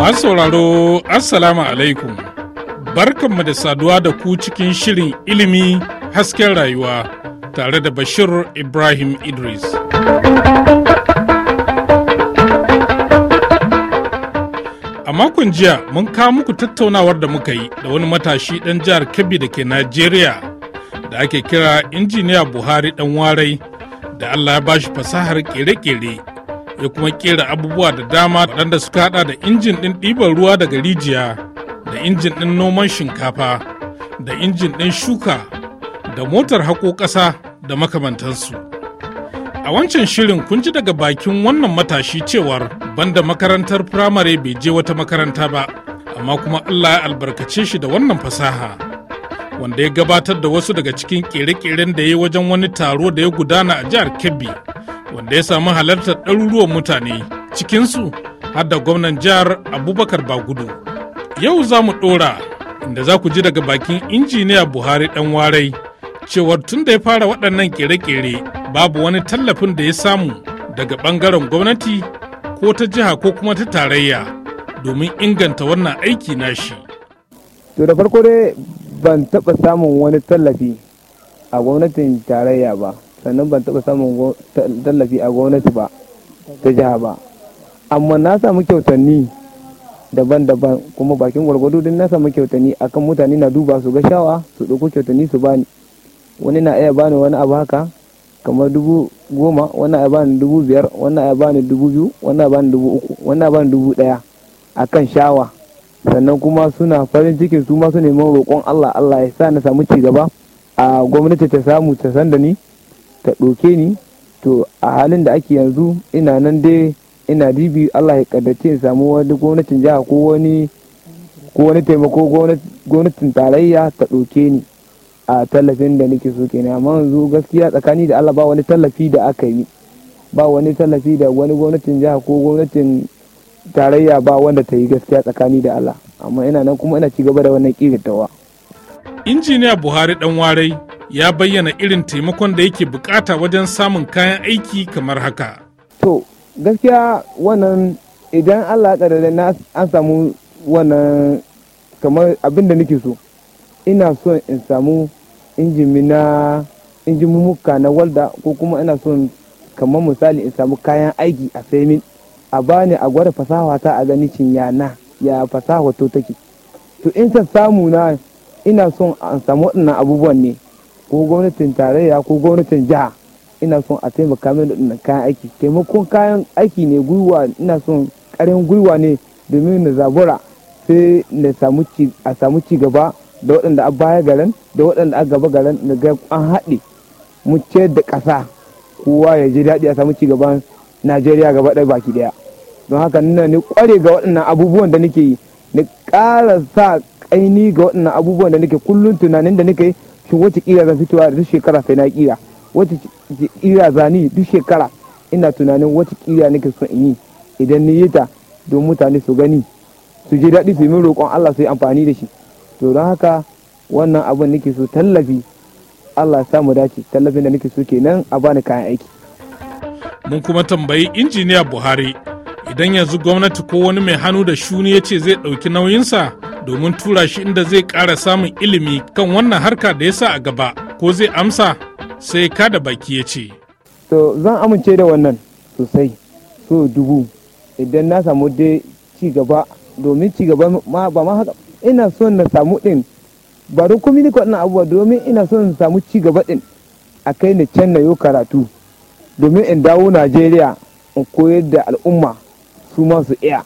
Masu sauraro, Assalamu alaikum. Barkanmu da saduwa da ku cikin shirin ilimi hasken rayuwa tare da Bashir Ibrahim Idris. A makon jiya mun kawo muku tattaunawar da muka yi da wani matashi ɗan jihar Kebbi da ke Najeriya da ake kira injiniya Buhari ɗan warai. da Allah ya ba shi fasahar kere-kere ya kuma kera abubuwa da dama waɗanda suka hada da injin ɗin ɗiban ruwa daga rijiya da injin ɗin noman shinkafa da injin ɗin shuka da motar haƙo ƙasa da makamantansu a wancan shirin kun ji daga bakin wannan matashi cewar banda makarantar firamare bai je wata makaranta ba amma kuma allah ya albarkace shi da wannan fasaha wanda ya gabatar da wasu daga cikin kere-keren da ya yi wajen wani taro da ya gudana a jihar Kebbi, wanda ya samu halartar ɗaruruwan mutane, cikinsu har da gwamnan jihar Abubakar Bagudu. Yau za mu ɗora inda za ku ji daga bakin injiniya Buhari ɗan warai cewar tun da ya fara waɗannan kere-kere babu wani tallafin da ya samu daga ɓangaren gwamnati ko ta jiha ko kuma ta tarayya domin inganta wannan aiki nashi. To da farko dai ban taɓa samun wani tallafi a gwamnatin tarayya ba sannan ban taɓa samun tallafi a gwamnati ba ta jiha ba amma na samu kyautanni daban-daban kuma bakin gwargwado din na samu kyautanni akan mutane na duba su ga shawa su ɗauko kyautanni su bani wani na iya bani wani abu haka kamar dubu goma wani iya bani dubu biyar wani iya bani dubu biyu wani ya bani dubu uku wani ya bani dubu ɗaya akan shawa sannan kuma suna farin ciki su masu neman roƙon Allah Allah ya sa na samu ci gaba a gwamnati ta samu ta san da ni ta ɗauke ni to a halin da ake yanzu ina nan dai ina dibi Allah ya kaddace in samu wani gwamnatin jiha ko wani ko wani taimako gwamnatin tarayya ta ɗauke ni a tallafin da nake so kenan amma yanzu gaskiya tsakani da Allah ba wani tallafi da aka yi ba wani tallafi da wani gwamnatin jiha ko gwamnatin tarayya ba wanda ta yi gaskiya tsakani da Allah amma ina nan kuma ina cigaba da wannan kiritawa. injiniya buhari dan warai ya bayyana irin taimakon da yake bukata wajen samun kayan aiki kamar haka to gaskiya wannan idan allah ya na an samu wannan kamar abin da nake so ina so in samu injimi na na walda ko kuma ina so kamar misali in samu kayan aiki a sai a bani a gwada fasaha ta a gani cin ya na ya fasaha to take to in ta samu na ina son a samu waɗannan abubuwan ne ko gwamnatin tarayya ko gwamnatin jiha ina son a taimaka min da kayan aiki taimakon kayan aiki ne gwiwa ina son ƙarin gwiwa ne domin na zabura sai na samu a samu ci gaba da waɗanda an baya garin da waɗanda an gaba garin na ga an haɗe mu ce da ƙasa kowa ya ji daɗi a samu ci gaban najeriya gaba ɗaya baki ɗaya don haka nuna ni kware ga waɗannan abubuwan da nake yi ni ƙara sa ƙaini ga waɗannan abubuwan da nake kullum tunanin da nake shi wace ƙira zan fitowa duk shekara sai na ƙira wace ƙira zani duk shekara ina tunanin wace ƙira nake son in yi idan ni yi ta don mutane su gani su ji daɗi su yi min roƙon Allah su yi amfani da shi to don haka wannan abin nake so tallafi Allah ya samu dace tallafin da nake so kenan a bani kayan aiki mun kuma tambayi injiniya Buhari idan yanzu gwamnati ko wani mai hannu da shuni ya ce zai ɗauki nauyinsa domin tura shi inda zai ƙara samun ilimi kan wannan harka da ya sa a gaba ko zai amsa sai ka da baki ya ce. to zan amince da wannan sosai so dubu idan na samu dai ci gaba domin ci gaba ma ba ma haka ina so na samu ɗin ba don ni ko abubuwa domin ina so na samu ci gaba ɗin a kai ni can na yi karatu domin in dawo najeriya in koyar da al'umma su ma su iya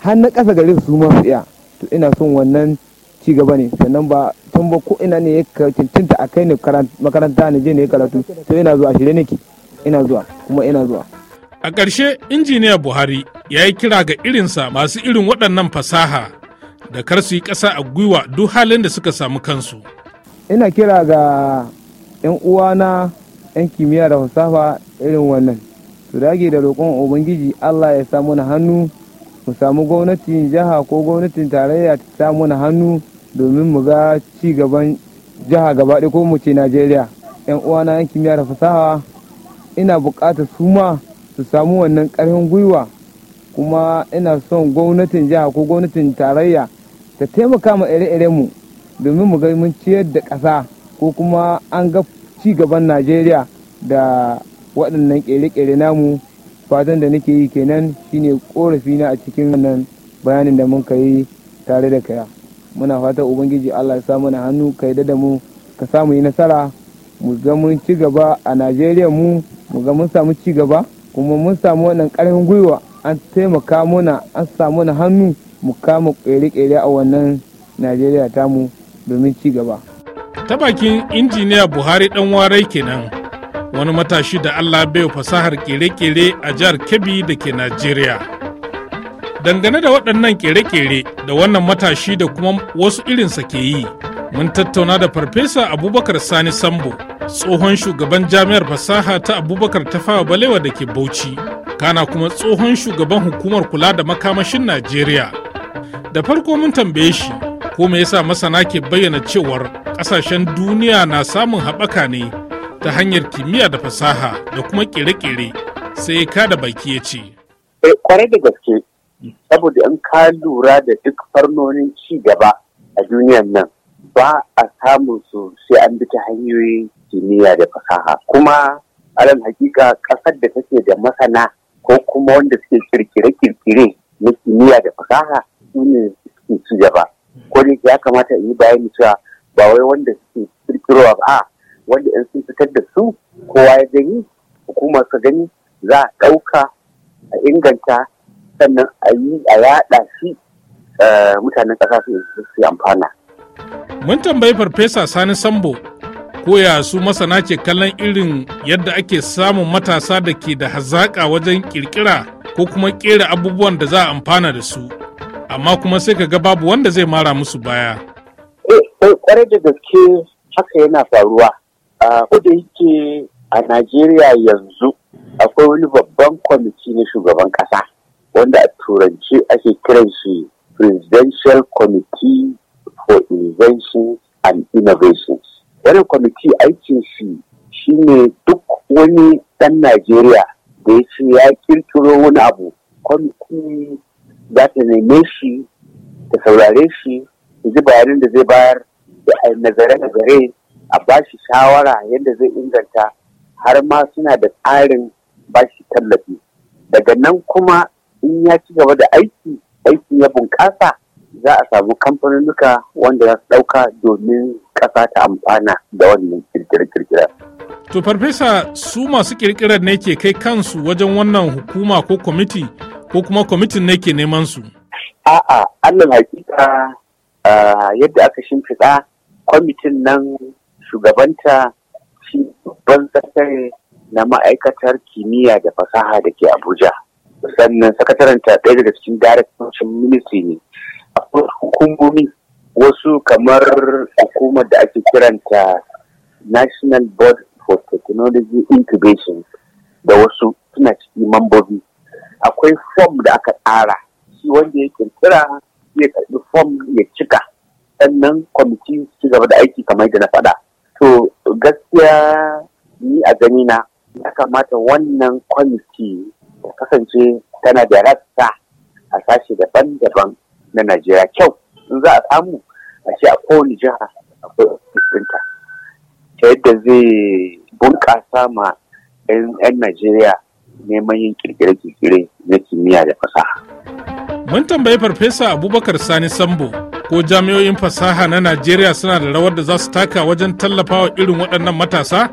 har na ƙasa gare su ma su iya to ina son wannan ci gaba ne sannan ba tun ba ko ina ne ya cancanta a kai ne makaranta ne je ne ya karatu to ina zuwa shirye nake ina zuwa kuma ina zuwa a ƙarshe injiniya buhari ya yi kira ga irinsa masu irin waɗannan fasaha da kar su yi ƙasa a gwiwa duk halin da suka samu kansu ina kira ga 'yan uwana 'yan kimiyya da fasaha irin wannan su dage da roƙon ubangiji allah ya samu na hannu mu samu gwamnatin jiha ko gwamnatin tarayya ta samu na hannu domin mu ga ci gaban jiha gaba ko mu ce najeriya yan uwana yan kimiyya da fasaha ina buƙatar su ma su samu wannan ƙarfin gwiwa kuma ina son gwamnatin jiha ko gwamnatin tarayya ta taimaka ma ire-ire mu domin mu ga mun ciyar da ƙasa ko kuma an ga ci gaban najeriya da waɗannan ƙere-ƙere namu fatan da nake yi kenan shine ƙorafi na a cikin wannan bayanin da mun yi tare da kaya muna fata ubangiji allah ya sa mana hannu ka da mu ka samu yi nasara mu ga mun ci gaba a najeriya mu mu ga mun samu ci gaba kuma mun samu wannan ƙarfin gwiwa an taimaka mana an samu na hannu mu kama ƙere-ƙere a wannan najeriya tamu domin ci gaba ta bakin injiniya buhari dan warai kenan wani matashi da allah bai fasahar kere-kere a jihar kebbi da ke najeriya dangane da waɗannan kere-kere da wannan matashi da kuma wasu irinsa ke yi mun tattauna da farfesa abubakar sani sambo tsohon shugaban jami'ar fasaha ta abubakar tafawa balewa da ke bauchi kana kuma tsohon shugaban hukumar kula da makamashin najeriya da farko mun tambaye shi ko me yasa masana ke bayyana cewar kasashen duniya na samun haɓaka ne ta hanyar kimiyya da fasaha da kuma kere-kere sai ka da baki ya ce. Eh, kwarai da gaske saboda in ka lura da duk farnonin ci gaba a duniyan nan ba a samun su sai an bi ta hanyoyin kimiyya da fasaha kuma alal hakika kasar da take da masana ko kuma wanda suke kirkire-kirkire na kimiyya da fasaha su ne suke ci gaba ko ya kamata in yi bayani cewa ba wai wanda suke kirkirowa ba wanda in sun fitar da su kowa ya gani hukumar su gani za a ɗauka a inganta sannan a yi a yaɗa shi eh, mutanen ƙasa su amfana. Mun tambayi Farfesa Sani Sambo koya su masana ke kallon irin yadda ake samun matasa da ke da hazaƙa wajen ƙirƙira ko kuma ƙera abubuwan da za a amfana da su amma kuma sai ka ga babu wanda zai mara musu baya. Eh, kwarai eh, da gaske haka yana faruwa ko da yake a najeriya yanzu akwai wani babban kwamiti na shugaban kasa wanda a turanci ake kiran shi presidential committee for inventions and innovations wani kwamiti aikin shi shine duk wani ɗan najeriya da ya ce ya kirkiro wani abu kwamiti za ta neme shi ta saurare shi ta ji bayanin da zai bayar da nazare-nazare a bashi shawara yadda zai inganta har ma suna da tsarin bashi tallafi daga nan kuma in ya ci gaba da aiki aiki ya bunƙasa za a samu kamfanunuka wanda za su ɗauka domin ƙasa ta amfana da wannan kirkire To farfesa su masu kirkirar ne ke kai kansu wajen wannan hukuma ko kwamiti ko kuma kwamitin ne ke neman su? A'a, Allah hakika yadda aka shimfiɗa kwamitin nan shugabanta shi babban sakatare na ma'aikatar kimiyya da fasaha da ke abuja sannan sakatarenta ɗaya daga cikin daraktocin ministry ne akwai hukumomi wasu kamar hukumar da ake kiranta national board for technology incubation da wasu suna ciki mambobi akwai fom da aka tsara shi wanda ya kirkira ya karbi fom ya cika sannan kwamiti su gaba da aiki kamar da na faɗa To gaskiya ni a gani na ya kamata wannan kwamiti ta kasance tana da rassa a sashe daban-daban na Najeriya kyau in za a samu a ce a kowane jiha akwai ofisinta ta yadda zai bunƙasa ma 'yan Najeriya neman yin kirkire-kirkire na kimiyya da fasaha. Mun tambayi Farfesa Abubakar Sani Sambo ko jami'o'in fasaha na najeriya suna da rawar da za su taka wajen tallafawa irin waɗannan matasa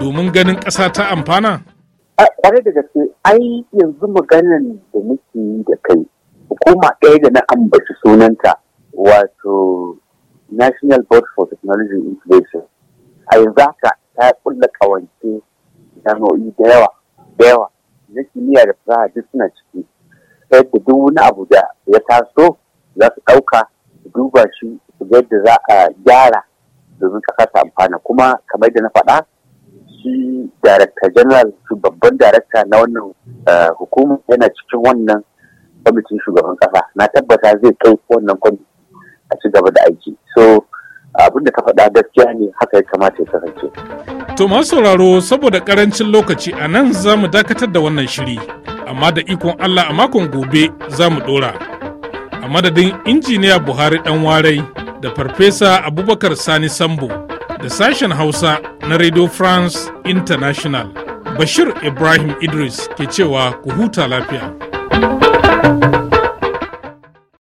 domin ganin ƙasa ta amfana kwarai da gaske ai yanzu maganin da muke yi da kai hukuma ɗaya da na ambaci sunanta wato national board for technology incubation a yanzu haka ta ƙulla ƙawance jami'o'i da yawa da yawa na kimiyya da fasaha duk suna ciki yadda duk wani abu da ya taso za su ɗauka duba shi yadda za a gyara domin ka kasa amfana kuma kamar da na faɗa shi darakta general su babban darakta na wannan eh, hukuma yana cikin wannan kwamitin shugaban ƙasa na tabbata zai kai wannan kwamitin a ci gaba da aiki so abin da ka faɗa gaskiya ne haka ya kamata ya kasance. To ma sauraro saboda karancin lokaci a nan za mu dakatar da wannan shiri, amma da ikon Allah a makon gobe za mu ɗora. a madadin injiniya buhari dan warai da farfesa abubakar sani sambo da sashen hausa na radio france international bashir ibrahim idris ke cewa ku huta lafiya.